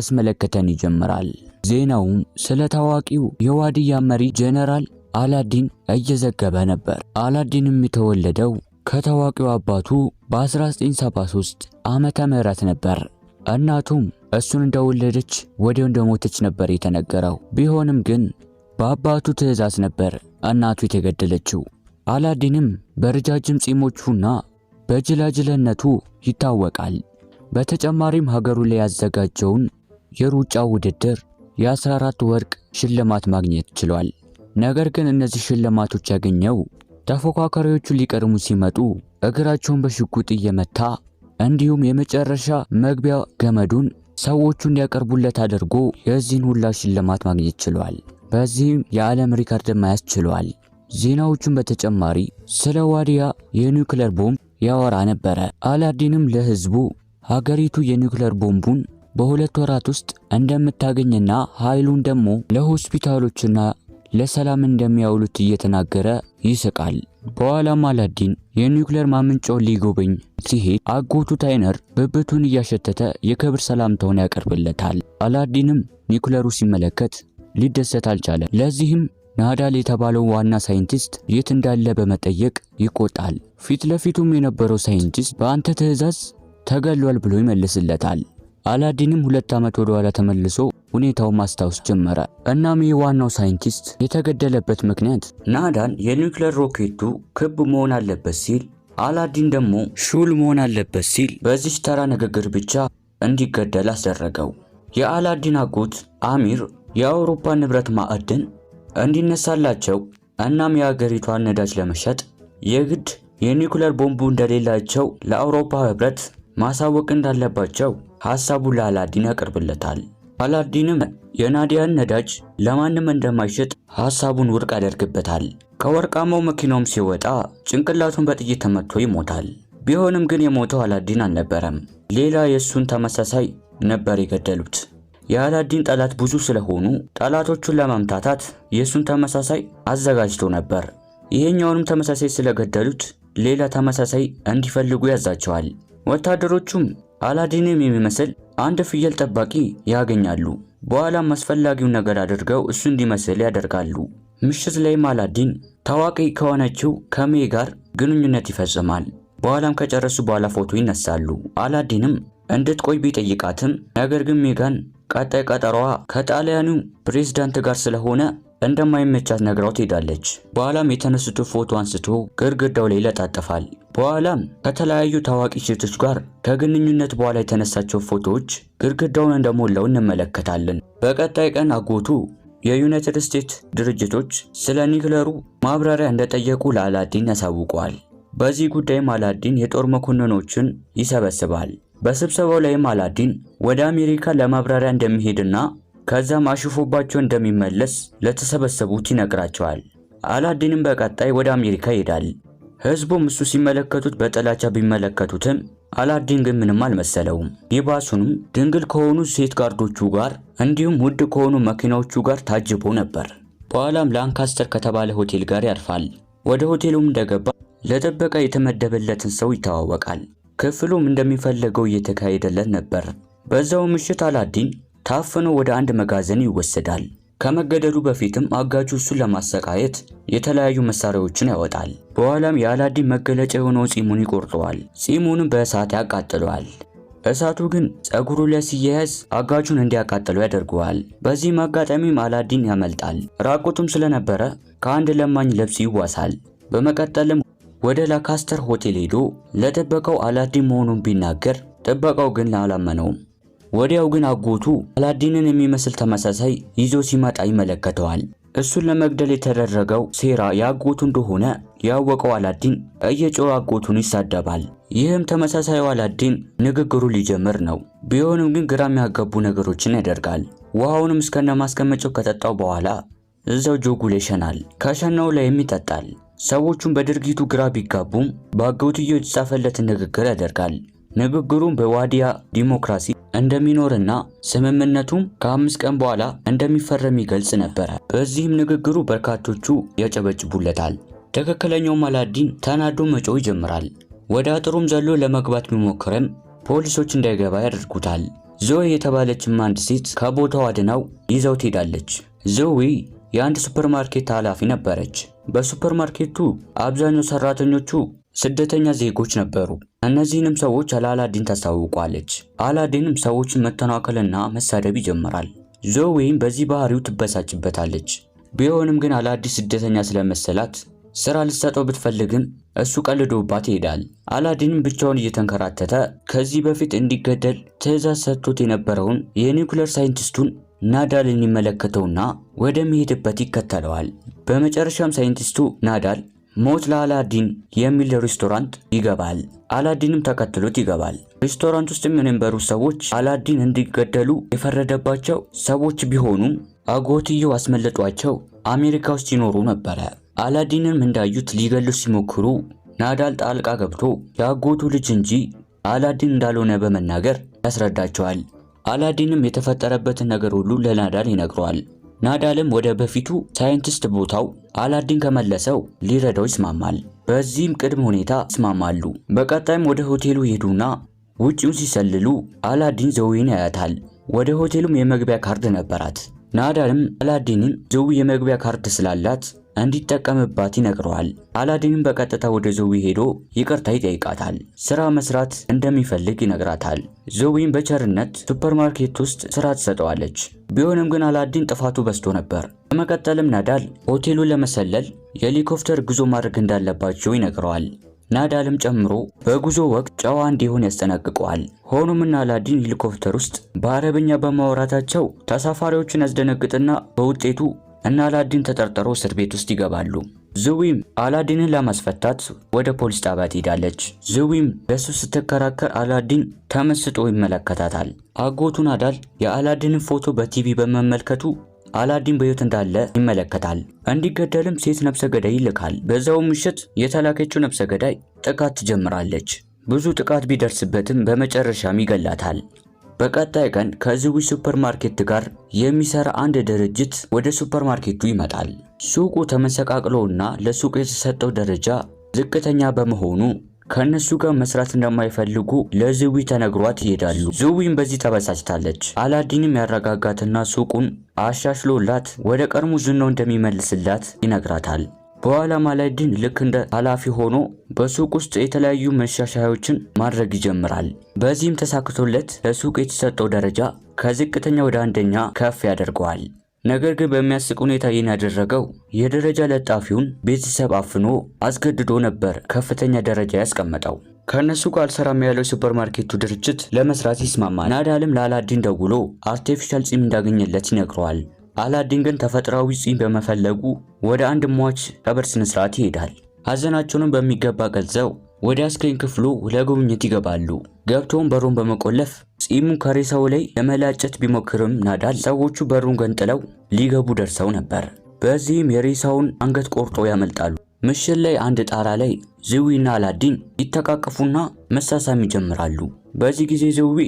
ያስመለከተን ይጀምራል። ዜናውም ስለ ታዋቂው የዋድያ መሪ ጀነራል አላዲን እየዘገበ ነበር። አላዲንም የተወለደው ከታዋቂው አባቱ በ1973 ዓመተ ምህረት ነበር። እናቱም እሱን እንደወለደች ወዲያው እንደሞተች ነበር የተነገረው። ቢሆንም ግን በአባቱ ትዕዛዝ ነበር እናቱ የተገደለችው። አላዲንም በረጃጅም ጺሞቹና በጅላጅልነቱ ይታወቃል። በተጨማሪም ሀገሩ ላይ ያዘጋጀውን የሩጫው ውድድር የ14 ወርቅ ሽልማት ማግኘት ችሏል። ነገር ግን እነዚህ ሽልማቶች ያገኘው ተፎካካሪዎቹ ሊቀድሙ ሲመጡ እግራቸውን በሽጉጥ እየመታ እንዲሁም የመጨረሻ መግቢያ ገመዱን ሰዎቹ እንዲያቀርቡለት አድርጎ የዚህን ሁላ ሽልማት ማግኘት ችሏል። በዚህም የዓለም ሪካርድ መያዝ ችሏል። ዜናዎቹን በተጨማሪ ስለ ዋዲያ የኒውክለር ቦምብ ያወራ ነበረ። አላዲንም ለህዝቡ ሀገሪቱ የኒውክለር ቦምቡን በሁለት ወራት ውስጥ እንደምታገኝና ኃይሉን ደግሞ ለሆስፒታሎችና ለሰላም እንደሚያውሉት እየተናገረ ይስቃል። በኋላም አላዲን የኒውክሌር ማምንጫውን ሊጎበኝ ሲሄድ አጎቱ ታይነር ብብቱን እያሸተተ የክብር ሰላምታውን ያቀርብለታል። አላዲንም ኒውክሌሩ ሲመለከት ሊደሰት አልቻለም። ለዚህም ናዳል የተባለው ዋና ሳይንቲስት የት እንዳለ በመጠየቅ ይቆጣል። ፊት ለፊቱም የነበረው ሳይንቲስት በአንተ ትዕዛዝ ተገሏል ብሎ ይመልስለታል። አላዲንም ሁለት ዓመት ወደ ኋላ ተመልሶ ሁኔታው ማስታወስ ጀመረ። እናም ይህ ዋናው ሳይንቲስት የተገደለበት ምክንያት ናዳን የኒውክሌር ሮኬቱ ክብ መሆን አለበት ሲል፣ አላዲን ደግሞ ሹል መሆን አለበት ሲል በዚች ተራ ንግግር ብቻ እንዲገደል አስደረገው። የአላዲን አጎት አሚር የአውሮፓ ንብረት ማዕድን እንዲነሳላቸው እናም የአገሪቷን ነዳጅ ለመሸጥ የግድ የኒውክሌር ቦምቡ እንደሌላቸው ለአውሮፓ ህብረት ማሳወቅ እንዳለባቸው ሐሳቡን ለአላዲን ያቀርብለታል። አላዲንም የናዲያን ነዳጅ ለማንም እንደማይሸጥ ሐሳቡን ውድቅ ያደርግበታል። ከወርቃማው መኪናውም ሲወጣ ጭንቅላቱን በጥይት ተመቶ ይሞታል። ቢሆንም ግን የሞተው አላዲን አልነበረም። ሌላ የእሱን ተመሳሳይ ነበር የገደሉት። የአላዲን ጠላት ብዙ ስለሆኑ ጠላቶቹን ለማምታታት የእሱን ተመሳሳይ አዘጋጅቶ ነበር። ይሄኛውንም ተመሳሳይ ስለገደሉት ሌላ ተመሳሳይ እንዲፈልጉ ያዛቸዋል። ወታደሮቹም አላዲንም የሚመስል አንድ ፍየል ጠባቂ ያገኛሉ። በኋላም አስፈላጊውን ነገር አድርገው እሱ እንዲመስል ያደርጋሉ። ምሽት ላይም አላዲን ታዋቂ ከሆነችው ከሜ ጋር ግንኙነት ይፈጽማል። በኋላም ከጨረሱ በኋላ ፎቶ ይነሳሉ። አላዲንም እንድትቆይ ቢጠይቃትም ነገር ግን ሜጋን ቀጣይ ቀጠሯ ከጣሊያኑ ፕሬዝዳንት ጋር ስለሆነ እንደማይመቻት ነግራው ትሄዳለች። በኋላም የተነሱት ፎቶ አንስቶ ግድግዳው ላይ ይለጣጠፋል። በኋላም ከተለያዩ ታዋቂ ሴቶች ጋር ከግንኙነት በኋላ የተነሳቸው ፎቶዎች ግድግዳውን እንደሞላው እንመለከታለን። በቀጣይ ቀን አጎቱ የዩናይትድ ስቴትስ ድርጅቶች ስለ ኒክለሩ ማብራሪያ እንደጠየቁ ለአላዲን ያሳውቀዋል። በዚህ ጉዳይም አላዲን የጦር መኮንኖችን ይሰበስባል። በስብሰባው ላይም አላዲን ወደ አሜሪካ ለማብራሪያ እንደሚሄድና ከዛም አሽፎባቸው እንደሚመለስ ለተሰበሰቡት ይነግራቸዋል። አላዲንም በቀጣይ ወደ አሜሪካ ይሄዳል። ህዝቡም እሱ ሲመለከቱት በጥላቻ ቢመለከቱትም አላዲን ግን ምንም አልመሰለውም። ይባሱንም ድንግል ከሆኑ ሴት ጋርዶቹ ጋር እንዲሁም ውድ ከሆኑ መኪናዎቹ ጋር ታጅቦ ነበር። በኋላም ላንካስተር ከተባለ ሆቴል ጋር ያርፋል። ወደ ሆቴሉም እንደገባ ለጥበቃ የተመደበለትን ሰው ይተዋወቃል። ክፍሉም እንደሚፈለገው እየተካሄደለት ነበር። በዛው ምሽት አላዲን ታፍኖ ወደ አንድ መጋዘን ይወሰዳል። ከመገደሉ በፊትም አጋጁ እሱን ለማሰቃየት የተለያዩ መሳሪያዎችን ያወጣል። በኋላም የአላዲን መገለጫ የሆነው ፂሙን ይቆርጠዋል። ፂሙንም በእሳት ያቃጥለዋል። እሳቱ ግን ጸጉሩ ላይ ሲያያዝ አጋቹን እንዲያቃጥለው ያደርገዋል። በዚህም አጋጣሚም አላዲን ያመልጣል። ራቁቱም ስለነበረ ከአንድ ለማኝ ልብስ ይዋሳል። በመቀጠልም ወደ ላካስተር ሆቴል ሄዶ ለጥበቃው አላዲን መሆኑን ቢናገር ጥበቃው ግን አላመነውም። ወዲያው ግን አጎቱ አላዲንን የሚመስል ተመሳሳይ ይዞ ሲመጣ ይመለከተዋል። እሱን ለመግደል የተደረገው ሴራ የአጎቱ እንደሆነ ያወቀው አላዲን እየጮኸ አጎቱን ይሳደባል። ይህም ተመሳሳዩ አላዲን ንግግሩ ሊጀምር ነው። ቢሆንም ግን ግራ የሚያጋቡ ነገሮችን ያደርጋል። ውሃውንም እስከነ ማስቀመጫው ከጠጣው በኋላ እዛው ጆጉል ይሸናል። ከሸናው ላይም ይጠጣል። ሰዎቹን በድርጊቱ ግራ ቢጋቡም በአጎቱ የተጻፈለትን ንግግር ያደርጋል። ንግግሩም በዋዲያ ዲሞክራሲ እንደሚኖርና ስምምነቱም ከአምስት ቀን በኋላ እንደሚፈረም ይገልጽ ነበረ። በዚህም ንግግሩ በርካቶቹ ያጨበጭቡለታል። ትክክለኛውም አላዲን ተናዶ መጮ ይጀምራል። ወደ አጥሩም ዘሎ ለመግባት ቢሞክርም ፖሊሶች እንዳይገባ ያደርጉታል። ዞዌ የተባለችም አንድ ሴት ከቦታው አድናው ይዘው ትሄዳለች። ዞዌ የአንድ ሱፐርማርኬት ኃላፊ ነበረች። በሱፐርማርኬቱ አብዛኛው ሰራተኞቹ ስደተኛ ዜጎች ነበሩ። እነዚህንም ሰዎች ለአላዲን ታሳውቋለች። አላዲንም ሰዎችን መተናከልና መሳደብ ይጀምራል። ዞዌም በዚህ ባህሪው ትበሳጭበታለች። ቢሆንም ግን አላዲን ስደተኛ ስለመሰላት ስራ ልትሰጠው ብትፈልግም እሱ ቀልዶባት ይሄዳል። አላዲንም ብቻውን እየተንከራተተ ከዚህ በፊት እንዲገደል ትዕዛዝ ሰጥቶት የነበረውን የኒውክሌር ሳይንቲስቱን ናዳልን ይመለከተውና ወደሚሄድበት ይከተለዋል። በመጨረሻም ሳይንቲስቱ ናዳል ሞት ለአላዲን የሚል ሬስቶራንት ይገባል። አላዲንም ተከትሎት ይገባል። ሬስቶራንት ውስጥ የነበሩ ሰዎች አላዲን እንዲገደሉ የፈረደባቸው ሰዎች ቢሆኑም አጎትየው አስመለጧቸው። አሜሪካ ውስጥ ይኖሩ ነበረ። አላዲንም እንዳዩት ሊገሉ ሲሞክሩ ናዳል ጣልቃ ገብቶ የአጎቱ ልጅ እንጂ አላዲን እንዳልሆነ በመናገር ያስረዳቸዋል። አላዲንም የተፈጠረበትን ነገር ሁሉ ለናዳል ይነግረዋል። ናዳልም ወደ በፊቱ ሳይንቲስት ቦታው አላዲን ከመለሰው ሊረዳው ይስማማል። በዚህም ቅድመ ሁኔታ ይስማማሉ። በቀጣይም ወደ ሆቴሉ ይሄዱና ውጪውን ሲሰልሉ አላዲን ዘዊን ያያታል። ወደ ሆቴሉም የመግቢያ ካርድ ነበራት። ናዳልም አላዲንን ዘዊ የመግቢያ ካርድ ስላላት እንዲጠቀምባት ይነግረዋል። አላዲንም በቀጥታ ወደ ዞዊ ሄዶ ይቅርታ ይጠይቃታል። ስራ መስራት እንደሚፈልግ ይነግራታል። ዞዊን በቸርነት ሱፐርማርኬት ውስጥ ስራ ትሰጠዋለች። ቢሆንም ግን አላዲን ጥፋቱ በዝቶ ነበር። በመቀጠልም ናዳል ሆቴሉን ለመሰለል የሄሊኮፕተር ጉዞ ማድረግ እንዳለባቸው ይነግረዋል። ናዳልም ጨምሮ በጉዞ ወቅት ጨዋ እንዲሆን ያስጠነቅቀዋል። እና አላዲን ሄሊኮፕተር ውስጥ በአረብኛ በማውራታቸው ተሳፋሪዎችን ያስደነግጥና በውጤቱ እና አላዲን ተጠርጥሮ እስር ቤት ውስጥ ይገባሉ። ዝዊም አላዲንን ለማስፈታት ወደ ፖሊስ ጣቢያ ትሄዳለች። ዝዊም በሱ ስትከራከር አላዲን ተመስጦ ይመለከታታል። አጎቱን አዳል የአላዲንን ፎቶ በቲቪ በመመልከቱ አላዲን በሕይወት እንዳለ ይመለከታል። እንዲገደልም ሴት ነፍሰ ገዳይ ይልካል። በዛው ምሽት የተላከችው ነፍሰ ገዳይ ጥቃት ትጀምራለች። ብዙ ጥቃት ቢደርስበትም በመጨረሻም ይገላታል። በቀጣይ ቀን ከዝዊ ሱፐርማርኬት ጋር የሚሰራ አንድ ድርጅት ወደ ሱፐርማርኬቱ ይመጣል። ሱቁ ተመሰቃቅሎና ለሱቁ የተሰጠው ደረጃ ዝቅተኛ በመሆኑ ከነሱ ጋር መስራት እንደማይፈልጉ ለዝዊ ተነግሯት ይሄዳሉ። ዝዊም በዚህ ተበሳጭታለች። አላዲንም ያረጋጋትና ሱቁን አሻሽሎላት ወደ ቀድሞ ዝናው እንደሚመልስላት ይነግራታል። በኋላ ማላዲን ልክ እንደ ኃላፊ ሆኖ በሱቅ ውስጥ የተለያዩ መሻሻያዎችን ማድረግ ይጀምራል። በዚህም ተሳክቶለት ለሱቅ የተሰጠው ደረጃ ከዝቅተኛ ወደ አንደኛ ከፍ ያደርገዋል። ነገር ግን በሚያስቅ ሁኔታ ይህን ያደረገው የደረጃ ለጣፊውን ቤተሰብ አፍኖ አስገድዶ ነበር ከፍተኛ ደረጃ ያስቀመጠው። ከእነሱ ጋር አልሰራም ያለው ማርኬቱ ድርጅት ለመስራት ይስማማል። ናዳልም ለአላዲን ደውሎ አርቴፊሻል ጺም እንዳገኘለት ይነግረዋል። አላዲን ግን ተፈጥሯዊ ፂም በመፈለጉ ወደ አንድ ሟች ቀብር ስነ ስርዓት ይሄዳል። ሀዘናቸውንም በሚገባ ገልጸው ወደ አስክሬን ክፍሉ ለጉብኝት ይገባሉ። ገብተውም በሩን በመቆለፍ ፂሙን ከሬሳው ላይ ለመላጨት ቢሞክርም ናዳል ሰዎቹ በሩን ገንጥለው ሊገቡ ደርሰው ነበር። በዚህም የሬሳውን አንገት ቆርጦ ያመልጣሉ። ምሽት ላይ አንድ ጣራ ላይ ዝዊና አላዲን ይተቃቀፉና መሳሳም ይጀምራሉ። በዚህ ጊዜ ዝዊ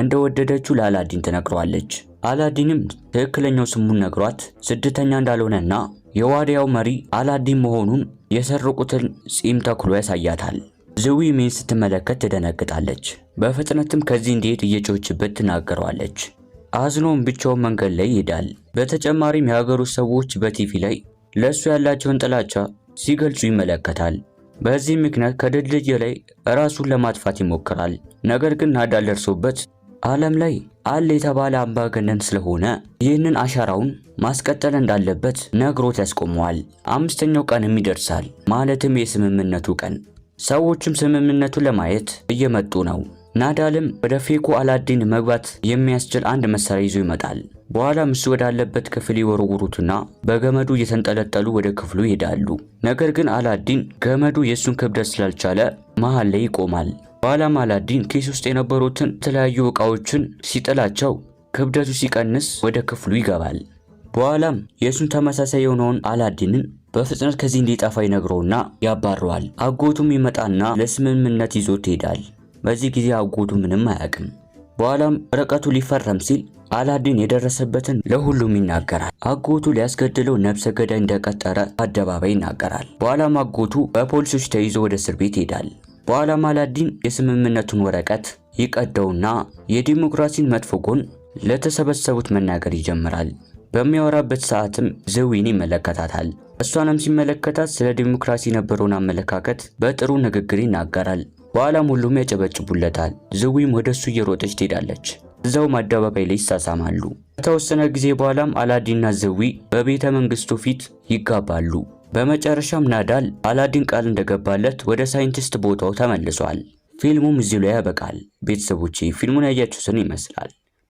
እንደወደደችው ለአላዲን ትነግረዋለች። አላዲንም ትክክለኛው ስሙን ነግሯት ስደተኛ እንዳልሆነና የዋዲያው መሪ አላዲን መሆኑን የሰረቁትን ጺም ተኩሎ ያሳያታል። ዝዊ ሚን ስትመለከት ትደነግጣለች። በፍጥነትም ከዚህ እንዲሄድ እየጮችበት ትናገረዋለች። አዝኖም ብቻውን መንገድ ላይ ይሄዳል። በተጨማሪም የሀገሩ ሰዎች በቲቪ ላይ ለእሱ ያላቸውን ጥላቻ ሲገልጹ ይመለከታል። በዚህ ምክንያት ከድልድይ ላይ ራሱን ለማጥፋት ይሞክራል። ነገር ግን ናዳል ደርሶበት ዓለም ላይ አለ የተባለ አምባገነን ስለሆነ ይህንን አሻራውን ማስቀጠል እንዳለበት ነግሮት ያስቆመዋል። አምስተኛው ቀንም ይደርሳል፣ ማለትም የስምምነቱ ቀን። ሰዎችም ስምምነቱን ለማየት እየመጡ ነው። ናዳልም ወደ ፌኮ አላዲን መግባት የሚያስችል አንድ መሳሪያ ይዞ ይመጣል። በኋላም እሱ ወዳለበት ክፍል ይወረውሩትና በገመዱ እየተንጠለጠሉ ወደ ክፍሉ ይሄዳሉ። ነገር ግን አላዲን ገመዱ የእሱን ክብደት ስላልቻለ መሃል ላይ ይቆማል። በኋላም አላዲን ኬስ ውስጥ የነበሩትን የተለያዩ ዕቃዎችን ሲጥላቸው ክብደቱ ሲቀንስ ወደ ክፍሉ ይገባል። በኋላም የእሱን ተመሳሳይ የሆነውን አላዲንን በፍጥነት ከዚህ እንዲጠፋ ይነግረውና ያባረዋል። አጎቱም ይመጣና ለስምምነት ይዞት ይሄዳል። በዚህ ጊዜ አጎቱ ምንም አያውቅም። በኋላም ወረቀቱ ሊፈረም ሲል አላዲን የደረሰበትን ለሁሉም ይናገራል። አጎቱ ሊያስገድለው ነብሰ ገዳይ እንደቀጠረ አደባባይ ይናገራል። በኋላም አጎቱ በፖሊሶች ተይዞ ወደ እስር ቤት ይሄዳል። በኋላም አላዲን የስምምነቱን ወረቀት ይቀደውና የዲሞክራሲን መጥፎ ጎን ለተሰበሰቡት መናገር ይጀምራል። በሚያወራበት ሰዓትም ዘዊን ይመለከታታል። እሷንም ሲመለከታት ስለ ዲሞክራሲ የነበረውን አመለካከት በጥሩ ንግግር ይናገራል። በኋላም ሁሉም ያጨበጭቡለታል። ዝዊም ወደ እሱ እየሮጠች ትሄዳለች። እዛውም አደባባይ ላይ ይሳሳማሉ። ከተወሰነ ጊዜ በኋላም አላዲንና ዘዊ በቤተ መንግስቱ ፊት ይጋባሉ። በመጨረሻም ናዳል አላዲን ቃል እንደገባለት ወደ ሳይንቲስት ቦታው ተመልሷል። ፊልሙም እዚሁ ላይ ያበቃል። ቤተሰቦቼ ፊልሙን ያያችሁትን ይመስላል።